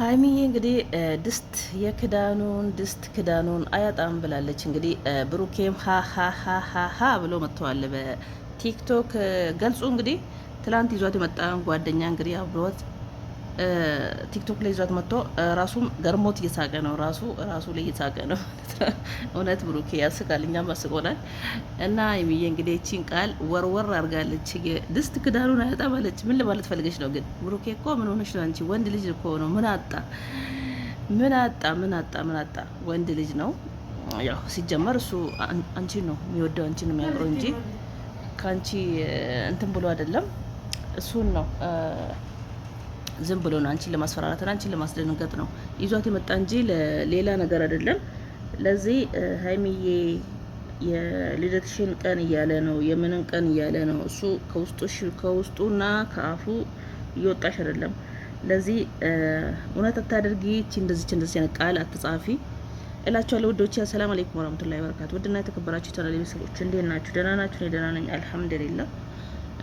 ሀይሚዬ እንግዲህ ድስት የክዳኑን ድስት ክዳኑን አያጣም ብላለች። እንግዲህ ብሩኬም ሀሀሀሀሀ ብሎ መጥተዋል በቲክቶክ ገልጹ። እንግዲህ ትላንት ይዟት የመጣ ጓደኛ እንግዲህ አብሮት ቲክቶክ ላይ ይዟት መጥቶ ራሱም ገርሞት እየሳቀ ነው። ራሱ ራሱ ላይ እየሳቀ ነው። እውነት ብሩኬ ያስቃል፣ እኛም አስቆናል። እና የሚዬ እንግዲህ ይቺን ቃል ወርወር አድርጋለች። ድስት ክዳኑን አያጣ ባለች። ምን ለማለት ፈልገች ነው? ግን ብሩኬ እኮ ምን ሆነች ነው? አንቺ ወንድ ልጅ እኮ ነው። ምን አጣ? ምን አጣ? ምን አጣ? ምን አጣ? ወንድ ልጅ ነው። ያው ሲጀመር እሱ አንቺን ነው የሚወደው፣ አንቺን ነው የሚያምረው እንጂ ከአንቺ እንትን ብሎ አይደለም። እሱን ነው ዝም ብሎ ነው አንቺን ለማስፈራራት ለማስፈራራትና አንቺን ለማስደንገጥ ነው ይዟት የመጣ እንጂ ለሌላ ነገር አይደለም። ለዚህ ሀይሚዬ የልደትሽን ቀን እያለ ነው የምንን ቀን እያለ ነው እሱ ከውስጡ ና ከአፉ እየወጣሽ አይደለም። ለዚህ እውነት አታደርጊ። ቺ እንደዚች እንደዚህ አይነት ቃል አትጻፊ እላችኋለሁ ውዶች ሰላም አለይኩም ወራህመቱላሂ ወበረካቱ። ውድና የተከበራችሁ ቻናል ቤተሰቦች እንዴት ናችሁ? ደህና ናችሁ? እኔ ደህና ነኝ አልሐምዱሊላህ።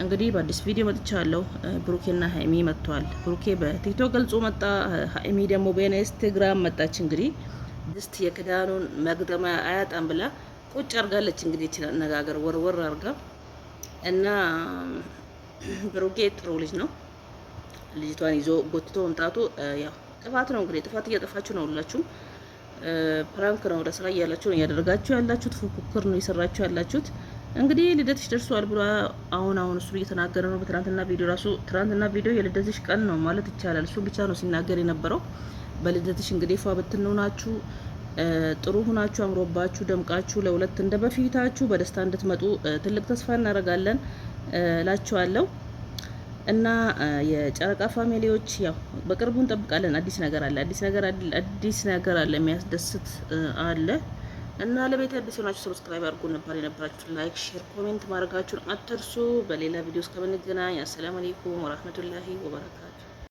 እንግዲህ በአዲስ ቪዲዮ መጥቻለሁ። ብሩኬና ሀይሚ መጥቷል። ብሩኬ በቲክቶክ ገልጾ መጣ፣ ሀይሚ ደግሞ በኢንስታግራም መጣች። እንግዲህ ድስት የክዳኑን መግጠሚያ አያጣም ብላ ቁጭ አርጋለች። እንግዲህ ይችላል አነጋገር ወርወር አርጋ እና ብሩኬ ጥሩ ልጅ ነው። ልጅቷን ይዞ ጎትቶ መምጣቱ ያው ጥፋት ነው። እንግዲህ ጥፋት እያጠፋችሁ ነው ሁላችሁም። ፕራንክ ነው ለስራ እያላችሁ ነው እያደረጋችሁ ያላችሁት። ፉክክር ነው እየሰራችሁ ያላችሁት እንግዲህ ልደትሽ ደርሷል ብሎ አሁን አሁን እሱ እየተናገረ ነው። በትናንትና ቪዲዮ ራሱ ትናንትና ቪዲዮ የልደትሽ ቀን ነው ማለት ይቻላል። እሱ ብቻ ነው ሲናገር የነበረው። በልደትሽ እንግዲህ ፏ ብትኑ ጥሩ ሁናችሁ፣ አምሮባችሁ፣ ደምቃችሁ ለሁለት እንደ በፊታችሁ በደስታ እንድትመጡ ትልቅ ተስፋ እናደርጋለን ላችኋለሁ እና የጨረቃ ፋሚሊዎች ያው በቅርቡ እንጠብቃለን። አዲስ ነገር አለ፣ አዲስ ነገር አዲስ ነገር አለ፣ የሚያስደስት አለ። እና ለቤት አዲስ የሆናችሁ ሰብስክራይብ አድርጉ፣ ነበር የነበራችሁ ላይክ፣ ሼር፣ ኮሜንት ማድረጋችሁን አትርሱ። በሌላ ቪዲዮ እስከምንገናኝ አሰላሙ አለይኩም ወራህመቱላሂ ወበረካቱ።